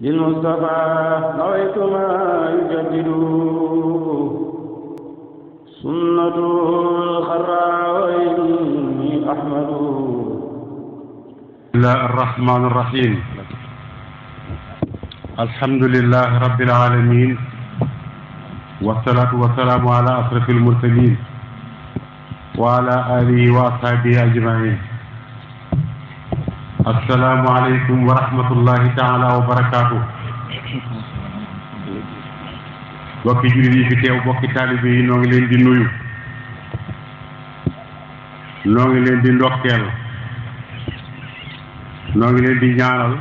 للمصطفى نويت ما يجدد سنة الخراوين أحمد لا الرحمن الرحيم الحمد لله رب العالمين والصلاة والسلام على أشرف المرسلين وعلى آله وأصحابه أجمعين asalaamualeykum wa rahmatullahi taala wa barakaatu. bokki jullit yi fi teew bokki taalibe yi noo ngi leen di nuyu. noo ngi leen di ndokkeel. noo ngi leen di ñaanal.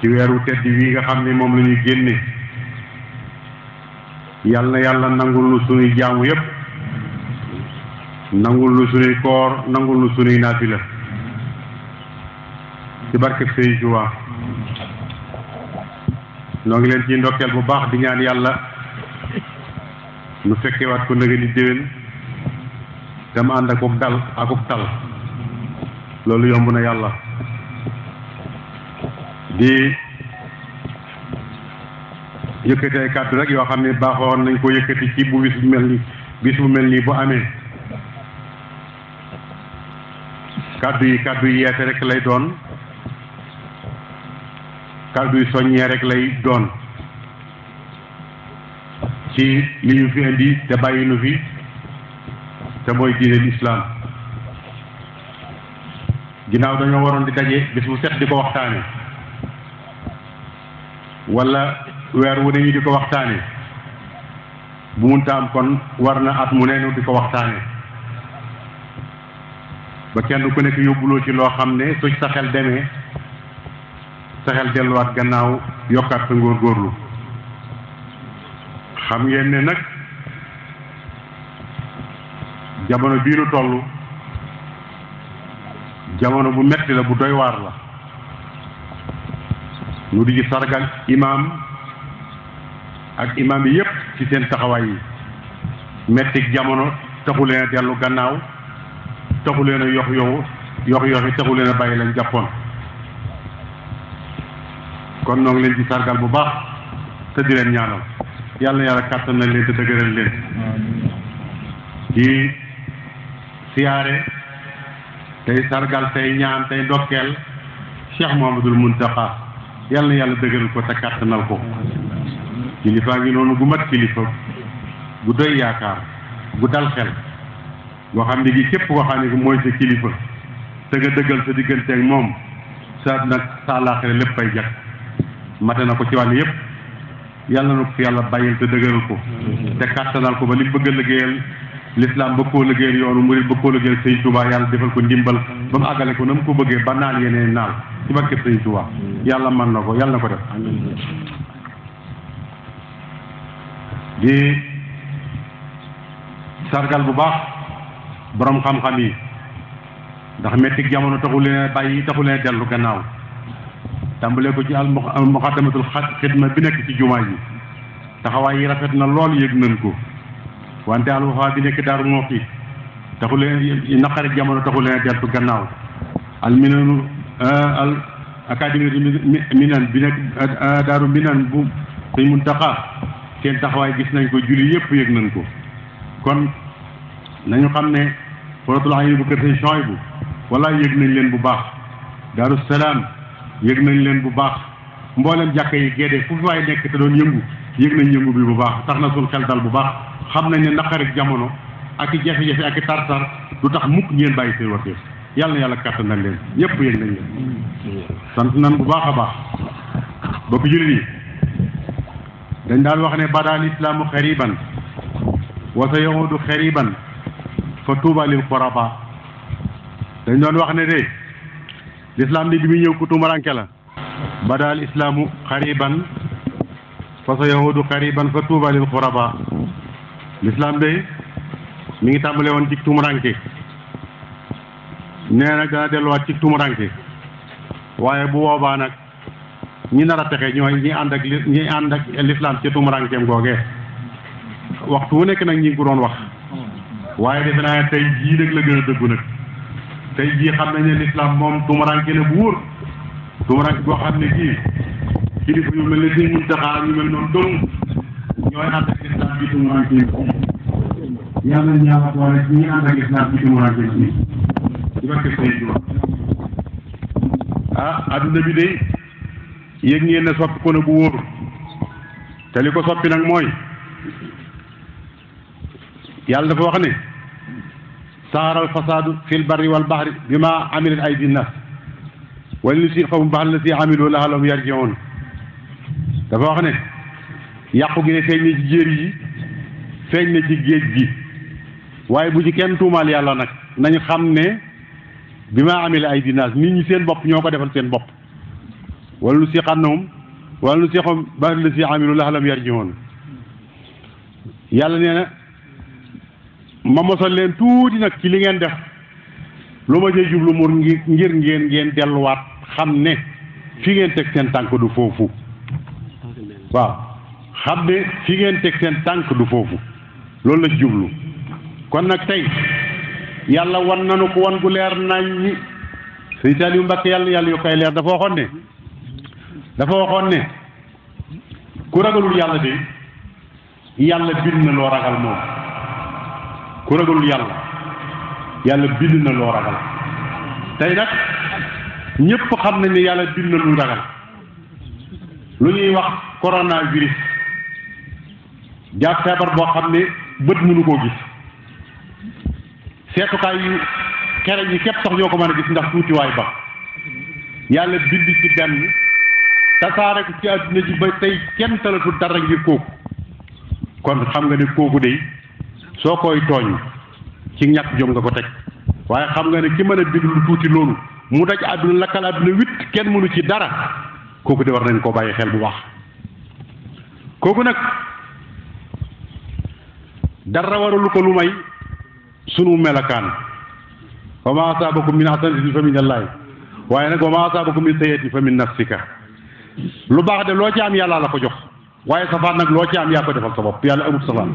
ci weeru tedd wi nga xam ni moom la ñu génne. yal na yàlla nangul nu sunuy jaamu yépp nangul nu sunuy koor nangul nu sunuy naafila ci barke Sëriñ Tuubaa noo ngi leen ci ndokkeel bu baax di ñaan yàlla nu fekkewaat ko ndëgë ni déwén te mu ànd akuk dal akuk tal loolu yomb na yàlla di yëkkati kàddu rek yoo xam ne baaxoo nañ ko yëkkati ci bu bis bu mel nii bis bu mel nii bu amee kàddu yi kàddu yi yeete rek lay doon kàddu yu soññee rek lay doon ci li ñu fi indi te bàyyi nu fi te mooy diine lislaam ginnaaw dañoo waroon di daje bis bu set di ko waxtaane wala weer wu ne ñu di ko waxtaane bu munta am kon war na at mu ne ñu di ko waxtaane ba kenn ku nekk yóbbuloo ci loo xam ne su sa xel demee sa xel delluwaat gannaaw yokkaat sa góorlu xam ngeen ne nag jamono bii nu toll jamono bu metti la bu doy waar la nu di ci sargal imaam ak imaam yi yépp ci seen taxawaay yi mettik jamono taxu leen a dellu gannaaw taxu leen a yox yow yox yoxi taxu leen a bàyyi lañ jàppoon kon nong leen ci sargal bu baax te di leen ñaanal yalla yalla kàttan na leen te dëgëral leen di siare tey sargal tey ñaan tey dokkel cheikh mohamadul muntaha yalla yalla dëgëral ko te kàttanal ko kilifa ngi nonu gu mat kilifa gu doy yaakar gu dal xel go xamni gi kep go xamni ne mooy kilifa te nga te sa digganteeg mom sa nag sa àllaaxira lepp ay jakk mate na ko ci wàll yëpp yàlla na ko yàlla bàyyil te dëgëral ko te kàttanal ko ba li bëgg a liggéeyal lislaam bëgg koo liggéeyal yoonu murit bëgg koo liggéeyal sëñ Tuubaa yàlla defal ko ndimbal ba mu àggale ko na mu ko bëggee ba naal yeneen naal ci barkeb sëñ Tuubaa yàlla man na ko yàlla na ko def di sargal bu baax boroom xam-xam yi ndax metti jamono taxu leen bàyyi taxu leen dellu gannaaw tàmbalee ko ci al muxaddamatul xidma bi nekk ci jumaa ji taxawaay yi rafet na lool yëg nañ ko wante al wafa bi nekk daaru Muxti taxu leen naqari jamono taxu leen deltu gannaaw al minanu euh, al académie minan bi nekk euh, daaru minan bu sëñ Muntaxa seen taxawaay gis nañ ko julli yépp yëg nañ ko kon nañu xam ne forotul ayni bu kër sëñ Suhaybu wala yëg nañ leen bu baax daaru salaam yëg nañ leen bu baax mboolem jàkka yi gédee fu fi waay nekk te doon yëngu yëg nañ yëngu bi bu baax tax na suñ xel dal bu baax xam nañ ne naqar ak jamono ak i jafe-jafe ak i tar-tar du tax mukk ngeen bàyyi seen waxee yàlla na yàlla kàttan nañ leen ñëpp yëg nañ leen sant nañ bu baax a baax bokk jullit yi dañ daan wax ne bada al islaamu xariban wa sa yahudu xariban fa tuuba lil quraba dañ doon wax ne de lislaam bi bi muy ñëw ku tumaranke la bada al islaamu xariban fa sa yahudu xariban fa tuuba lil xuraba lislaam de mi ngi tàmbale woon ci tumaranke nee nag dana delluwaat ci tumaranke waaye bu boobaa nag ñi nar a texe ñooy ñi ànd ak ñi ànd ak lislaam ci tumarankeem googee waxtu wu nekk nag ñi ngi doon wax waaye defe naa tey jii nag la gën a dëggu nag tey jii xam nañ ne l'islam moom tumuranke la bu wóor tumuranke boo xam ne kii kilifa yu mel ne si mun taxaa ñu mel noonu dong ñooy ànd ak islam bi tumuranke yi bi tumuranke yi ci barke say ah adduna bi de yëg ngeen ne soppi ko na bu wóor te li ko soppi nag mooy yàlla dafa wax ne صار الفساد في البر والبحر بما عملت أيدي الناس ولنسيقهم بعد التي عملوا لعلهم يرجعون dafa wax ne yàqu gi ne feeñ na ci jéer yi feeñ na ci géej gi waaye bu ci kenn tuumaal yàlla nag nañ xam ne bi maa amee la ay dinaas nit ñi seen bopp ñoo ko defal seen bopp wala lu siqannahum wala lu siqom bari la si amilu laxalam yarjihoon yàlla nee na ma mosal leen tuuti nag ci li ngeen def lu ma cee jublu mu ngir ngeen ngeen delluwaat xam ne fi ngeen teg seen tànk du foofu waaw xam ne fi ngeen teg seen tànk du foofu loolu na jublu kon nag tey yàlla wan nanu ko wan gu leer nañ ñi sëñ Saliou Mbacke yàlla yàlla yokkay leer dafa dafa waxoon ne ku ragalul yàlla de yàlla bind na loo ragal moom ku ragalul yàlla yàlla bind na loo ragal tey nag ñëpp xam na ni yàlla bind na lu ragal lu ñuy wax coronavirus jàpp feebar boo xam ne bët mënu koo gis seetukaay yu xereñ yi képp sax ñoo ko mën a gis ndax tuutiwaay ba yàlla bind ci benn tasaare ko ci àdduna ji ba tey kenn talatul dara ngir kooku kon xam nga ne kooku de soo koy tooñ ci ñàkk jom nga ko teg waaye xam nga ne ki mën a bind lu tuuti loolu mu daj àdduna lakkal àdduna witt kenn mënu ci dara kooku de war nañ koo bàyyi xel bu baax kooku nag dara waralu ko lu may su sunu melakaan wa ma asaabakum min hasanatin fa min allahi waaye nag wa ma asaabakum min sayyi'atin fa min nafsika lu baax de loo ci am yàlla la ko jox waaye safaan nag loo ci am yaa ko defal sa bopp yàlla amul safaan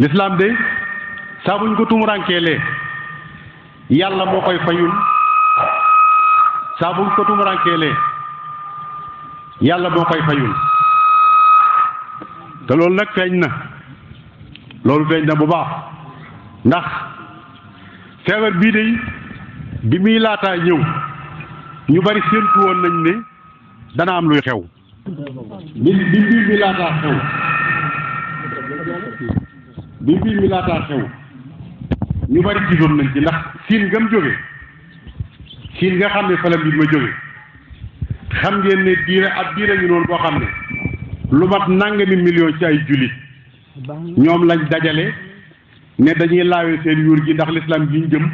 lislaam de saa ko ko le yàlla moo koy fayul saa buñ ko tumuraankeelee yàlla moo koy fayul te loolu nag feeñ na loolu feeñ na bu baax ndax feebar bii de bi muy laataa ñëw ñu bari séentu woon nañ ne dana am luy xew bi bi mbir xew bi mbir mi laataa xew ñu bari gisoon nañ ci ndax siin nga mu jóge siin nga xam ne fa la ma jóge xam ngeen ne diire ab diire ñu noonu boo xam ne lu mat nangami million ci ay jullit ñoom lañ dajale ne dañuy laawee seen yuur gi ndax lislaam gi ñu jëm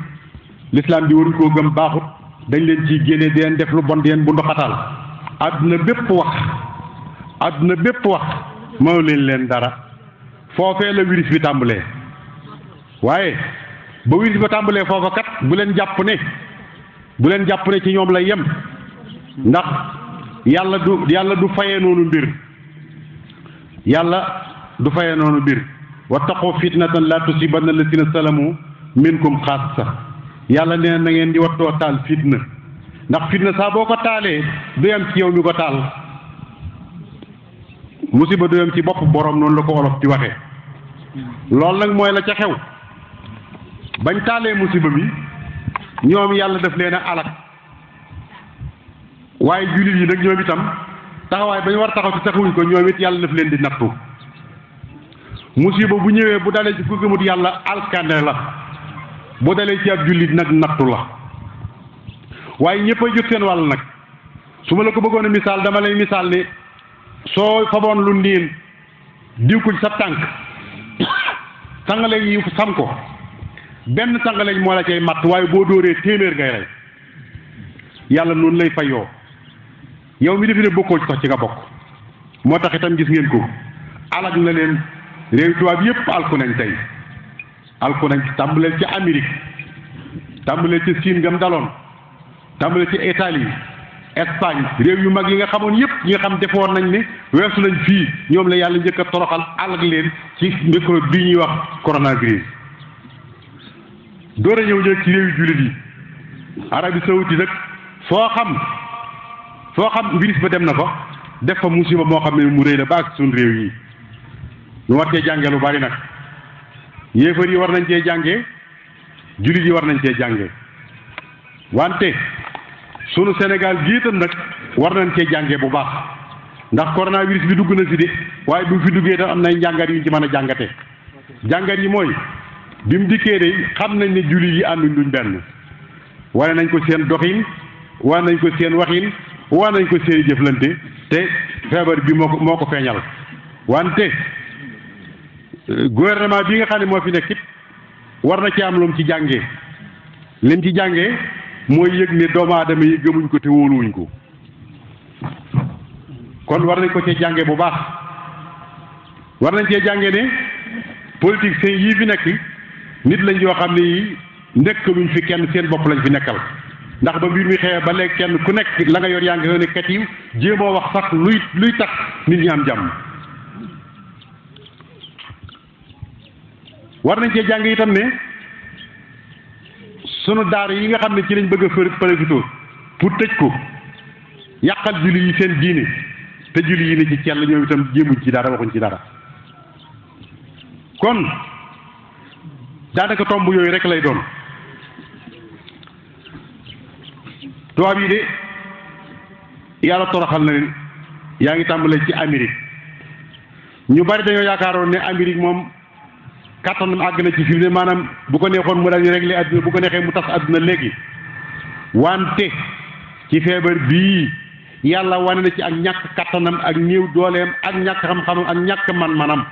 lislaam bi waruñ koo gëm baaxut dañ leen ciy génne di leen def lu bon di leen bu ndoxataal àdduna bépp wax àdduna bépp wax mënu leen leen dara foofee la virus bi tàmbalee waaye ba virus ba tàmbalee foofa kat bu leen jàpp ne bu leen jàpp ne ci ñoom la yem ndax yàlla du yàlla du fayee noonu mbir yàlla du fayee noonu mbir wattaqu fitnatan la tusibanna alladina salamu minkum xaassa yàlla nee na ngeen di wattoo taal fitna ndax fitna saa boo ko taalee du yem ci yow mi ko taal musiba du yem ci bopp borom noonu la ko wolof di waxee loolu nag mooy la ca xew bañ taalee musiba bi ñoom yàlla def leen a alak waaye jullit yi nag ñoom itam taxawaay bañ war taxaw ci taxawuñ ko ñoom it yàlla daf leen di nattu musiba bu ñëwee bu dalee ci ku gëmut yàlla alkande la bu dalee ci ab jullit nag nattu la waaye ñëpp a jot seen wàll nag su ma la ko bëggoon a misaal dama lay misaal ni soo faboon lu niin diw ko sa tànk tàngaleeg yi sam ko benn tàngaleeg moo la cay matt waaye boo dóoree téeméer ngay rey yàlla noonu lay fayoo yow mi defe ne bokkoo ci sax ci nga bokk moo tax itam gis ngeen ko alag na leen réew tubaab yépp alku nañ tey alku nañ tàmbaleel ca Amérique tàmbaleel ci Siin gam daloon tàmbaleel ci Italie Espagne réew yu mag yi nga xamoon yépp yi nga xam defoon nañ ne weesu nañ fii ñoom la yàlla njëkk a toroxal àllag leen ci microbe bi ñuy wax coronavirus door a ñëw ñëw ci réew yu jullit yi Arabie Saoudite nag foo xam foo xam virus ba dem na fa def fa musiba moo xam ne mu rëy la ba ak suñ réew yi ñu war cee jànge lu bari nag yéefar yi war nañ cee jànge jullit yi war nañ cee jànge wante sunu Sénégal gii nag war nañ cee jàngee bu baax ndax coronavirus bi dugg na si de waaye bu fi duggee tam am nay njàngat yu ci mën a jàngate jàngat yi mooy bi mu dikkee de xam nañ ne jullit yi ànduñ luñ benn wane nañ ko seen doxin wane nañ ko seen waxin wane nañ ko seen jëflante te feebar bi moo ko moo ko feeñal wante euh, gouvernement bi nga xam ne moo fi nekk it war na cee am lu ci jàngee lim ci jàngee mooy yëg ne doomu aadama yi gëmuñ ko te wóoluwuñ ko kon war nañ ko ci jànge bu baax war nañ cee jànge ne politiciens yii fi nekk nit lañ yoo xam ne yi nekkaluñ fi kenn seen bopp lañ fi nekkal ndax ba mbir mi xewee ba léegi kenn ku nekk la nga yor yaa ngi yoone kat yi jéemoo wax sax luy luy tax nit ñi am jàmm war nañ cee jàng itam ne sunu daara yi nga xam ne ci lañ bëgg a përëfitoo pour tëj ko yàqal julli yi seen diine te julli yi ne ci cell ñoom itam jéemuñ ci dara waxuñ ci dara kon daanaka tomb yooyu rek lay doon tubaab yi de yàlla toroxal na leen yaa ngi tàmbalee ci amérique ñu bari dañoo yaakaaroon ne amérique moom kàttanam àgg na ci fi ne maanaam bu ko neexoon mu daal di réglé àdduna bu ko neexee mu tas àdduna léegi wante ci feebar bii yàlla wane na ci ak ñàkk kàttanam ak néew dooleem ak ñàkk xam-xamam ak ñàkk man-manam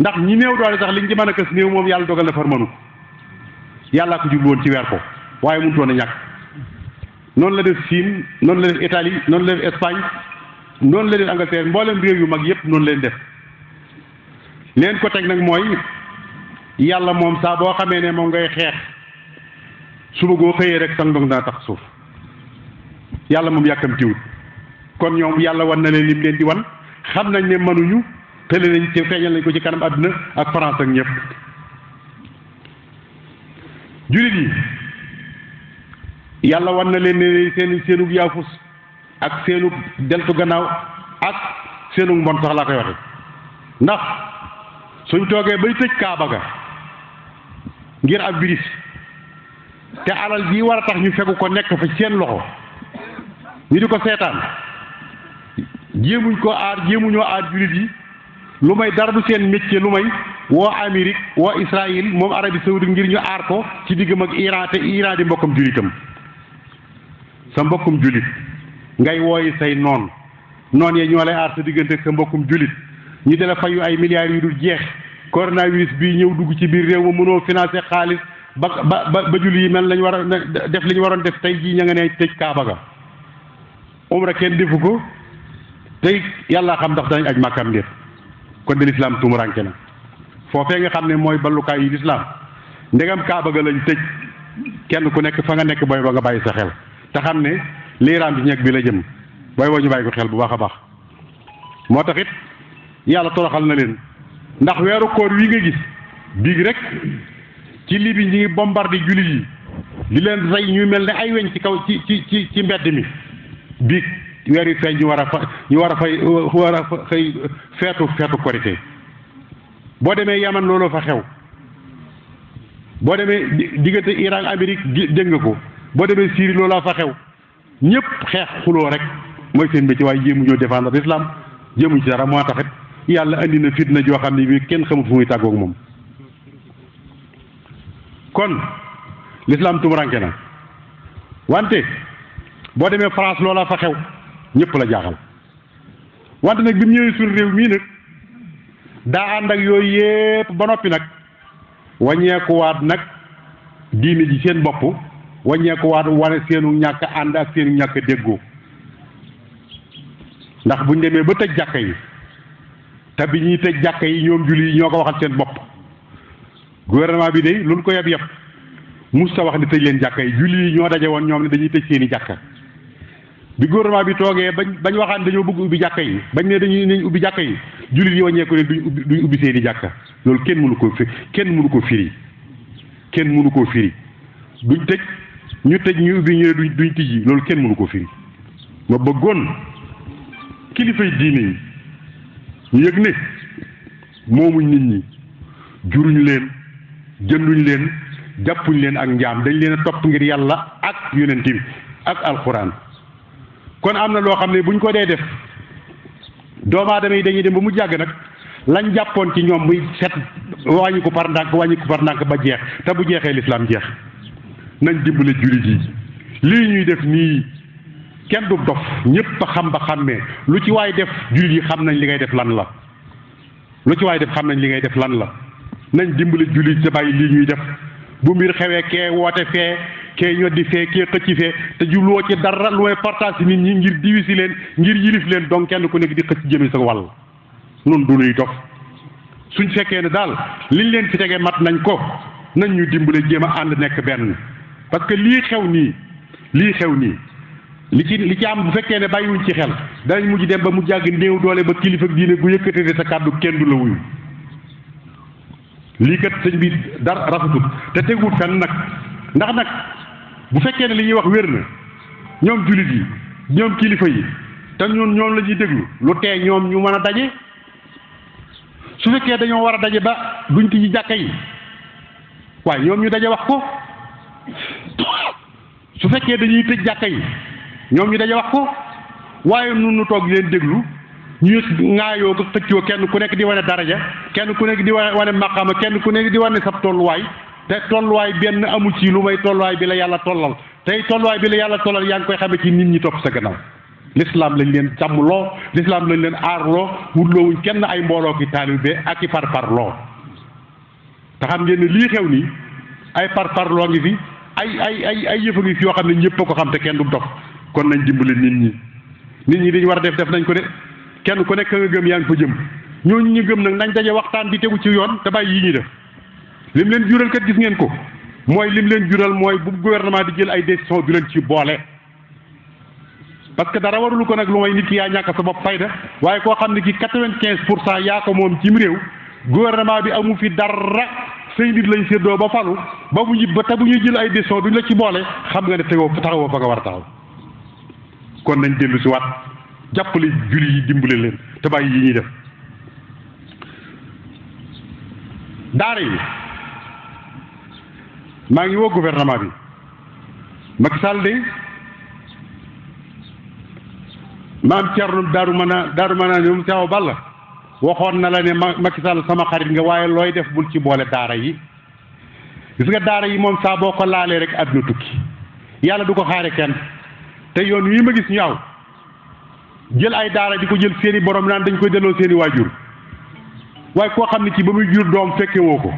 ndax ñi néew doole sax liñ ci man a kës néew moom yàlla dogal na far mënu yàllaa ko jubloon ci weer ko waaye mënut woon a ñàkk noonu la def Chine noonu la def Italie noonu la def Espagne noonu la def Angleterre mboolem réew yu mag yépp noonu leen def leen ko teg nag mooy yàlla moom saa boo xamee ne moom ngay xeex suba goo xëyee rek sang dong daa tax suuf yàlla moom yàkkamtiwut kon ñoom yàlla wan na leen lim leen di wan xam nañ ne mënuñu tële nañ ci feeñal nañ ko ci kanam àddina ak France ak ñëpp jullit yi yàlla wan na leen ne seen seenug yaafus ak seenug deltu gannaaw ak seenu mbon sax laa koy waxe ndax suñ toogee bay tëj kaaba ga ngir ab biris te alal ji war a tax ñu fegu ko nekk fa seen loxo ñu di ko seetaan jéemuñ ko aar jéemuñoo aar jullit yi lu may dara du seen métier lu may woo Amérique woo Israël moom Arabie Saoudite ngir ñu aar ko ci diggam ak Iran te Iran di mbokkum jullitam sa mbokkum jullit ngay wooyi say noon noon yee ñoo lay aar sa diggante ak sa mbokkum jullit ñi dala fayu ay milliards yu dul jeex coronavirus bi ñew dugg ci biir réew ma mëno financer xaaliss ba ba ba julli yi mel lañ war def li waron def tay ji ña nga ne tej kaaba ga umra kenn defu ko tey yàlla xam ndax danañ aj makam ndéet kon de lislaam ranké na fofé nga xamné moy mooy ballukaay yu lislaam ndegam kaaba ga lañ tej kenn ku nekk fa nga nekk boy ba nga bayyi sa xel ta xamné ne bi ñek bi la jëm boy wañu ñu ko xel bu baaxa baax motaxit yàlla toroxal na leen ndax weeru koor wi nga gis biig rek ci lii bi ñi ngi bombardé jullit yi di leen rey ñuy mel ni ay weñ ci kaw ci ci ci ci mbedd mi biig weer yu feeñ ñu war a fa ñu war a fay war a xëy feetu feetu korité boo demee yaman looloo fa xew boo demee diggante Iran Amérique dégg nga ko boo demee Syrie looloo fa xew ñëpp xeex xuloo rek mooy seen métier waaye jéemu ñoo défendre l'islam jéemuñ ci dara moo taxit yàlla andi na fitna joo xam ne bii kenn xamul fu muy tàggoog moom kon l'islam tumuranke na wante boo demee France loola fa xew ñëpp la jaaxal wante nag bi ñëwee suñu mii nag daa ànd ak yooyu yépp ba noppi nag wàññeekuwaat nag diine ji seen bopp wàññeekuwaat wane seenu ñàkk ànd ak seenu ñàkk déggoo ndax buñ demee ba tëj jàkka yi te bi ñuy tëj jàkka yi ñoom julli ñoo ko waxal seen bopp gouvernement bi de luñ ko yab yab mus ta wax ni tëj leen jàkka yi julli yi ñoo daje woon ñoom ne dañuy tëj seen i jàkka bi gouvernement bi toogee bañ bañ waxaan dañoo bëgg ubbi jàkka yi bañ ne dañuy nañ ubbi jàkka yi jullit yi wàññeeku ne duñ ubbi duñ ubbi seen i jàkka loolu kenn mënu ko fi kenn mënu ko firi kenn mënu ko firi duñ tëj ñu tëj ñu ubbi ñu ne duñ duñ tijji loolu kenn mënu ko firi ma bëggoon kilifay diine ñu yëg ne moomuñ nit ñi juruñu leen jënduñ leen jàppuñ leen ak njaam dañ leen a topp ngir yàlla ak yonent bi ak alxuraan kon am na loo xam ne buñ ko dee def doomu aadama yi dañuy dem ba mu jàgg nag lañ jàppoon ci ñoom muy set wàññi ko par ndànk wàññi ko par ndànk ba jeex te bu jeexee lislaam jeex nañ dimbale jullit yi lii ñuy def nii kenn du dof ñëpp a xam ba xàmmee lu ci waay def jullit yi xam nañ li ngay def lan la lu ci waay def xam nañ li ngay def lan la nañ dimbali jullit sa bàyyi lii ñuy def bu mbir xewee kee woote fee kee ñoddi fee kee xëcc fee te jubluwoo ci dara lu may partage nit ñi ngir diwisi leen ngir yilif leen donc kenn ku nekk di xëcc jëme sa wàll noonu du nuy dof suñ fekkee ne daal liñ leen fi tegee mat nañ ko nañ ñu dimbale jéem a ànd nekk benn parce que lii xew nii lii xew nii li ci li ci am bu fekkee ne bàyyiwuñ ci xel dañu mujj dem ba mu jàgg néew doole ba kilifa diine gu yëkkatee sa kàddu kenn du la wuyu lii kat sëñ bi dara rafetul te teguwut fenn nag ndax nag bu fekkee ne li ñuy wax wér na ñoom jullit yi ñoom kilifa yi te ñun ñoom lañuy déglu lu tee ñoom ñu mën a daje su fekkee dañoo war a daje ba duñ tijji jàkka yi waaye ñoom ñu daje wax ko su fekkee dañuy tëj jàkka yi ñoom ñu daje wax ko waaye nun nu toog leen déglu ñu ŋaayoo ko xëccoo kenn ku nekk di wane daraja kenn ku nekk di wane maqaama kenn ku nekk di wane sab tolluwaay te tolluwaay benn amul ci lu may tolluwaay bi la yàlla tollal tey tolluwaay bi la yàlla tollal yaa ngi koy xamee ci nit ñi topp sa gannaaw lislaam lañ leen sàmmloo lislaam lañ leen aarloo wutloowuñ kenn ay mbooloo ki taalibe ak i parparloo te xam ngeen ne lii xew nii ay parparloo ngi fi ay ay ay ay yoo xam ne ñëpp a xam te kenn du dof kon nañ dimbali nit ñi nit ñi diñ war a def def nañ ko de kenn ku nekk nga gëm yaa ngi ko jëm ñooñu ñu gëm nag nañ daje waxtaan bi tegu ci yoon te bàyyi yi ñuy def lim leen jural kat gis ngeen ko mooy lim leen jural mooy bu gouvernement di jël ay décision bi leen ci boole. parce que dara warulu ko nag lu may nit ki yaa ñàkk sa bopp fayda waaye koo xam ne ki quatre-vingt-quinze pour cent yaa ko moom cim réew gouvernement bi amu fi dara say nit lañ séddoo ba falu ba bu ñu ba te bu ñuy jël ay décision duñ la ci boole xam nga ne tegoo taxawoo fa nga war a taxaw. kon nañ dellu si waat jàppale julli yi dimbale leen te bàyyi yi ñuy def daara yi maa ngi woo gouvernement bi Macky Sall de maam Thierno Darou Mana Darou Mana ñoom Thiaw Balla waxoon na la ne Macky Sall sama xarit nga waaye looy def bul ci boole daara yi gis nga daara yi moom saa boo ko laalee rek àdduna tukki yàlla du ko xaare kenn. te yoon wii ma gis ñu aw jël ay daara di ko jël seeni borom naan dañ koy delloo seeni waajur waaye koo xam ne ci ba muy jur doom fekke woo ko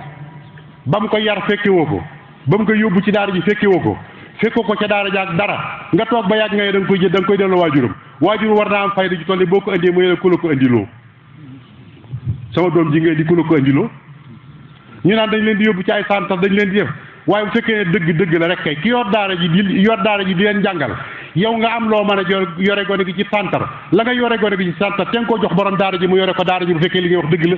ba mu ko yar fekke woo ko ba mu ko yóbbu ci daara ji fekke woo ko fekkoo ko ca daara ji ak dara nga toog ba yàgg nga ne da nga koy jël da nga koy delloo waajuram waajur war naa am fayda ju tolli boo ko indee mu ne ku la ko indiloo sama doom ji nga indi ku la ko indiloo ñu naan dañ leen di yóbbu ci ay santas dañ leen di def waaye bu fekkee ne la rek kay yor daara ji di jàngal yow nga am loo mën a yore gone gi ci santar la nga yore gone gi ci santar te nga koo jox borom daara ji mu yore ko daara ji bu fekkee li ngay wax dëgg la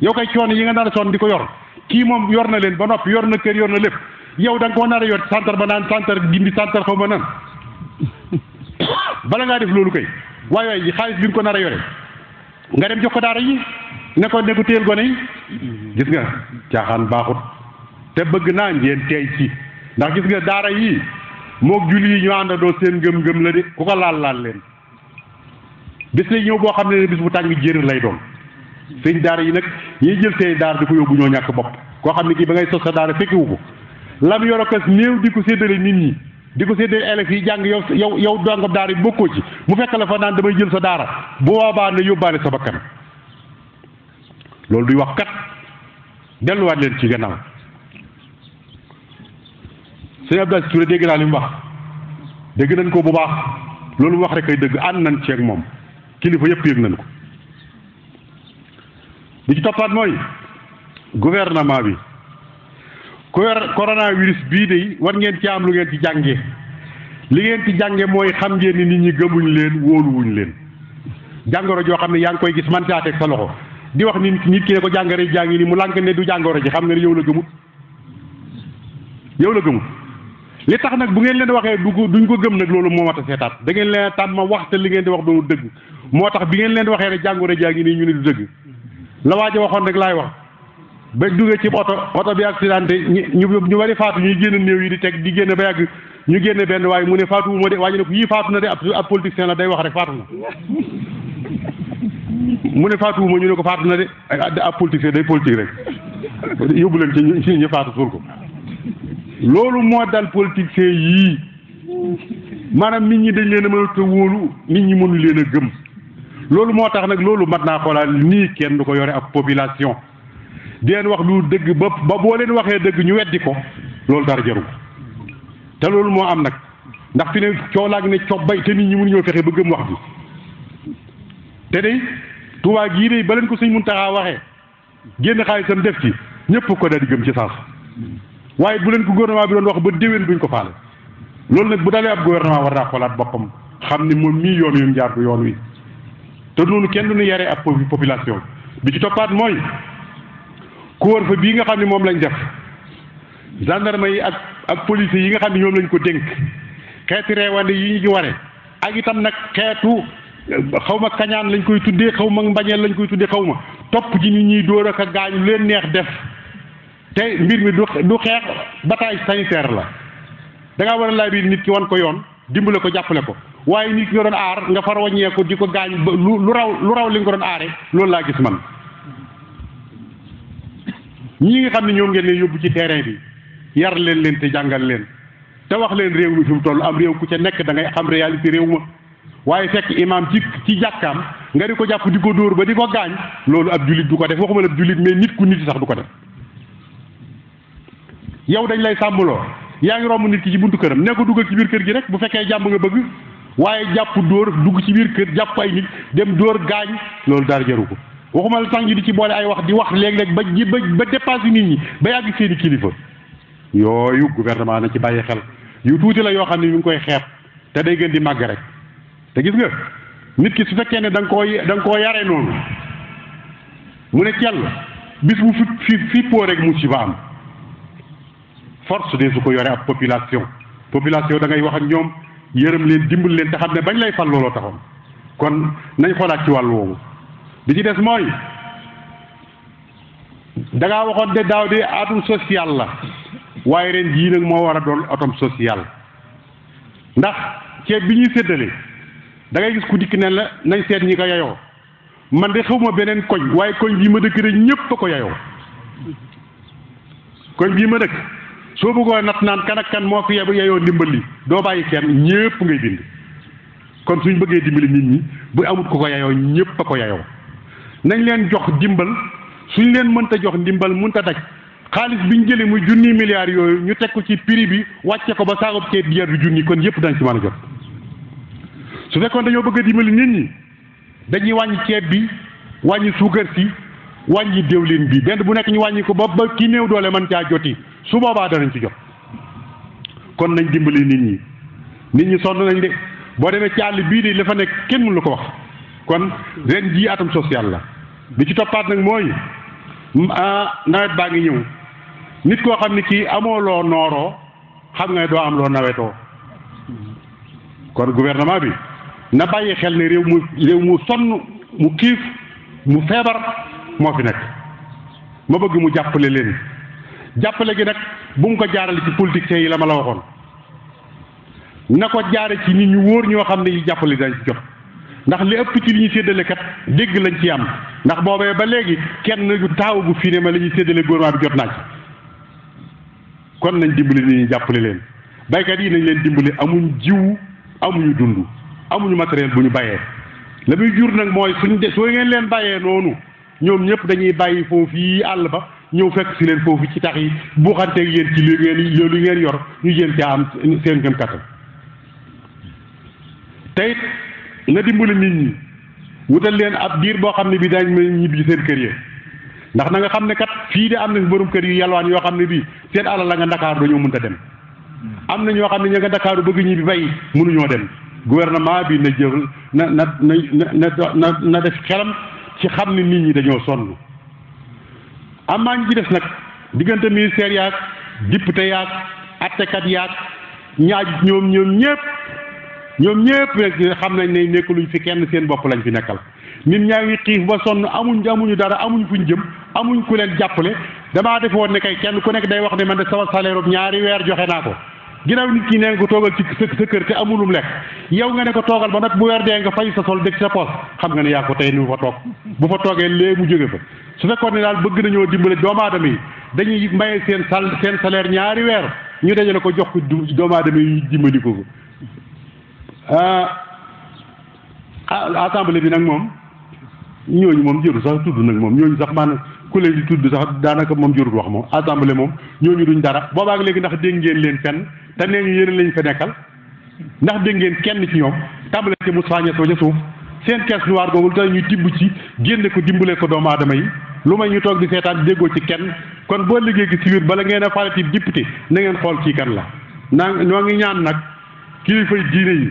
yow kay coono yi nga nar a di ko yor kii moom yor na leen ba noppi yor na kër yor na lépp yow da koo nar a yor santar ba naan santar gindi santar xaw ma nan bala ngaa def loolu kay waaye waaye xaalis bi ko nar a yore nga dem jox ko daara yi ne ko ne ko téel gone yi gis nga caaxaan baaxut te bëgg naa ngeen teey ci ndax gis nga daara yii moog julli yi ñu àndandoo seen ngëm-ngëm la de ku ko laal laal leen bis lay ñëw boo xam ne bis bu tàng jër lay doon sëñ daara yi nag ñiy jël seen daara di ko yóbbu ñoo ñàkk bopp koo xam ne kii ba ngay sos sa daara fekkiwu ko lam yorokas néew di ko séddale nit ñi di ko séddale élèves yi jàng yow yow yow dongam daara yi bokkoo ci mu fekk la fa naan damay jël sa daara bu boobaa ne yóbbaale sa bakkan loolu duy wax kat delluwaat leen ci gannaaw sëñ Abdou Aziz dégg naa li mu wax dégg nañ ko bu baax loolu wax rek ay dëgg ànd nañ ci moom kilifa yëpp yëg nañ ko bi ci toppaat mooy gouvernement bi coronavirus bii de war ngeen ci am lu ngeen ci jànge li ngeen ci jànge mooy xam ngeen nit ñi gëmuñ leen wóoluwuñ leen jàngoro joo xam ne yaa ngi koy gis man caa teg sa loxo di wax nit nit ki ne ko jàngare jàngi ni mu lànk ne du jàngoro ji xam nga ne yow la gëmut yow la gëmut li tax nag bu ngeen leen waxee du ko duñ ko gëm nag loolu moo mat a seetaat da ngeen leen tàmm ma wax te li ngeen di wax doonu dëgg moo tax bi ngeen leen waxee ne jàngoro jaa ngi nii ñu ne du dëgg la waaja waxoon rek laay wax ba duggee ci oto oto bi accidenté ñu ñu bari faatu ñuy génn néew yi di teg di génn ba yàgg ñu génn benn waaye mu ne faatu wu ma de waaye ñu ne ko yii faatu na de ab politicien la day wax rek faatu na mu ne faatu ma ñu ne ko faatu na de ab politicien day politique rek yóbbu leen ci ñu faatu suul ko loolu moo dal politiciens yii maanaam nit ñi dañ leen a mënut a wóolu nit ñi mënu leen a gëm loolu moo tax nag loolu mat naa xoolaat nii kenn du ko yore ak population di leen wax lu dëgg ba ba boo leen waxee dëgg ñu weddi ko loolu dara jarul te loolu moo am nag ndax fi ne coolaag ne cobbay te nit ñi mënuñoo fexe ba gëm wax bi te day Tuubaa gii day ba leen ko Sëñ Muntaxa waxee génn xaalisam def ci ñëpp ko daal di gëm ci saas waaye bu leen ko gouvernement bi doon wax ba déwén duñ ko faale loolu nag bu dalee ab gouvernement war naa xoolaat boppam xam ni moom mii yoon yu mu jaar du yoon wi te noonu kenn du ñu yaree ab population bi ci toppaat mooy kóor bii nga xam ne moom lañ def gendarme yi ak ak police yi nga xam ne ñoom lañ ko dénk xeeti reewande yi ñu ci ware ak itam nag xeetu xaw ma kañaan lañ koy tuddee xaw ma mbañeel lañ koy tuddee xaw ma topp ji ñu ñuy dóor ak a gaañu leen neex def te mbir mi du du xeex bataille sanitaire la danga war a laaj nit ki wan ko yoon dimbale ko jàppale ko waaye nit ki nga doon aar nga far wàññeeku di ko gaañ ba lu lu raw lu raw li ko doon aare loolu laa gis man. ñi nga xam ne ñoom ngeen yóbbu ci terrain bi yar leen leen te jàngal leen te leen réew mi toll am réew ku ca nekk da ngay xam réalité réew ma waaye fekk imaam ci ci jàkkaam nga di ko di ko dóor ba di ko gaañ loolu ab jullit du ko def waxuma la ab jullit mais nit ku nit sax du ko def. yow dañ lay sàmmloo yaa ngi romb nit ki ci buntu këram ne ko duggal ci biir kër gi rek bu fekkee jàmm nga bëgg waaye jàpp dóor dugg ci biir kër jàpp ay nit dem dóor gaañ loolu dara jaru ko waxuma la sax ñu di ci boole ay wax di wax léeg-léeg ba ji ba ba dépassé nit ñi ba yàgg seeni kilifa yooyu gouvernement na ci bàyyi xel yu tuuti la yoo xam ne ñu ngi koy xeeb te day gën di màgg rek te gis nga nit ki su fekkee ne danga nga koo da koo yare noonu mu ne cell bis bu fi fi fippoo rek am force de su ko yore ab population population da ngay wax ak ñoom yërëm leen dimbal leen te xam ne bañ lay fal looloo taxoon kon nañ xoolaat ci wàll woowu bi ci des mooy da waxoon de daaw de atum social la waaye ren jii nag moo war a doon atom social ndax ceeb bi ñuy séddale dangay gis ku dikk ne la nañ seet ñi ko yayoo man de xawma beneen koñ waaye koñ bii ma dëkk rek ñépp a ko yayoo koñ bii ma dëkk soo bëggoo natt naan kan ak kan moo fi yeyoo ndimbal li doo bàyyi kenn ñépp ngay bind kon suñ bëggee dimbali nit ñi bu amut ko ko yeyoo ñépp a ko yeyoo nañ leen jox dimbal suñ leen mënta jox ndimbal mënta daj xaalis biñ jëlee muy junni milliards yooyu ñu teg ko ci piri bi wàcce ko ba saagub ceeb bi bi junni kon yépp dañ ci mën a jot su fekkoon dañoo bëgg dimbali nit ñi dañuy wàññ ceeb bi wàññi suukar si wàññi déwlin bi benn bu nekk ñu wàññi ko ba ba ki néew doole man caa joti su boobaa danañ ci jot kon nañ dimbali nit ñi nit ñi sonn nañ de boo demee ci àll bii de la fa nekk kenn mënu la ko wax kon ren jii atam social la bi ci toppaat nag mooy ah, nawet baa ngi ñëw nit koo xam ne kii amoo loo nooroo xam nga doo am loo nawetoo kon gouvernement bi na bàyyi xel ne réew mu réew mu sonn mu kiif mu feebar moo fi nekk ma bëgg mu jàppale leen jàppale gi nag bu mu ko jaarale ci politiciens yi la ma la waxoon na ko jaare ci nit ñu wóor ñoo xam ne yi jàppale dañ jot ndax li ëpp ci li ñu séddale dégg lañ ci am ndax boobee ba léegi kenn du taaw bu fii ne ma la ñuy séddale gouvernement bi jot naa ci kon nañ dimbali nit ñu jàppale leen baykat yi nañ leen dimbali amuñ jiw amuñu dund amuñu matériel bu ñu bàyyee la muy jur nag mooy suñ ngeen leen bàyyee noonu ñoom ñëpp dañuy bàyyi foofu yi àll ba ñëw fekk si leen foofu ci tax yi buuxanteeg yéen ci li ngeen li ngeen yor ñu jéem caa am seen gëm kattan tey na dimbali nit ñi wutal leen ab biir boo xam ne bi daañ mën ñibbi seen kër yi ndax na nga xam ne kat fii de am na borom kër yu yalwaan yoo xam ne bii seen alal la nga Dakar dañoo mënta dem am na ñoo xam ne ña nga Dakar bëgg ñibbi bay mënuñoo dem gouvernement bi na jël na na na na na def xelam ci xam ne nit ñi dañoo sonn amaa ñi ci des nag diggante ministère yaag député yaag attekat yaag ñaaj ñoom ñoom ñëpp ñoom ñëpp rek xam nañ ne nekkuluñ fi kenn seen bopp lañ fi nekkal nit ñaa ngi xiif ba sonn amuñ amuñu dara amuñ fuñ jëm amuñ ku leen jàppale damaa defoon ne kenn ku nekk day wax ne man de sama salaire ñaari weer joxe naa ko ginnaaw nit ki nee nga ko toogal ci sa sa kër te amulum lekk yow nga ne ko toogal ba nag bu weer dee nga fay sa sol dëkk sa poos xam nga ne yaa ko tey ni mu fa toog bu fa toogee lee mu jóge fa su fekkoon ne daal bëgg nañoo dimbale doomu aadama yi dañuy maye seen sal seen salaire ñaari weer ñu dajale ko jox ko doomu aadama yi dimbali ko ko ah, ah assemblée bi nag moom. ñooñu moom jëru sax tudd nag moom ñooñu sax maana ku leen di tudd sax daanaka moom jërul wax moom assemblée moom ñooñu duñ dara boobaak léegi ndax dégg ngeen leen fen te nee ñu yéen lañ fa nekkal ndax dégg ngeen kenn ci ñoom tàmbale ci Moussa Niass ba ca suuf seen caisse noire googu tey ñu tibb ci génne ko dimbale ko doomu aadama yi lu may ñu toog di seetaan déggoo ci kenn kon boo liggéey gi si bala ngeen a farati député na ngeen xool kii kan la naa ñoo ngi ñaan nag kilifay diine yi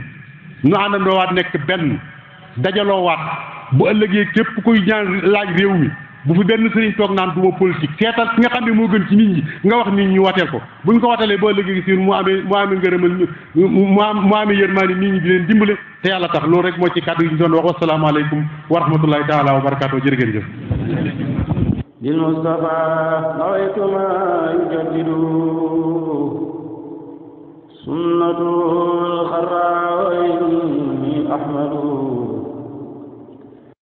ñu àndandoowaat nekk benn dajaloowaat bu ëllëgee képp kuy ñaan laaj réew mi bu fi benn sëriñ toog naan duma politique seetal ki nga xam ne moo gën ci nit ñi nga wax nit ñi wateel ko bu buñ ko watalee ba ëllëgee si mu amee mu amee ngërëmal mu am mu amee yërmaani nit ñi di leen dimbale te yàlla tax loolu rek moo ci kàddu yi ñu doon wax wasalaamaaleykum wa rahmatullahi taala wa barakaatu jërë ngeen jëf bil Mustafa nawaytuma yujaddidu sunnatul xaraayi ahmadu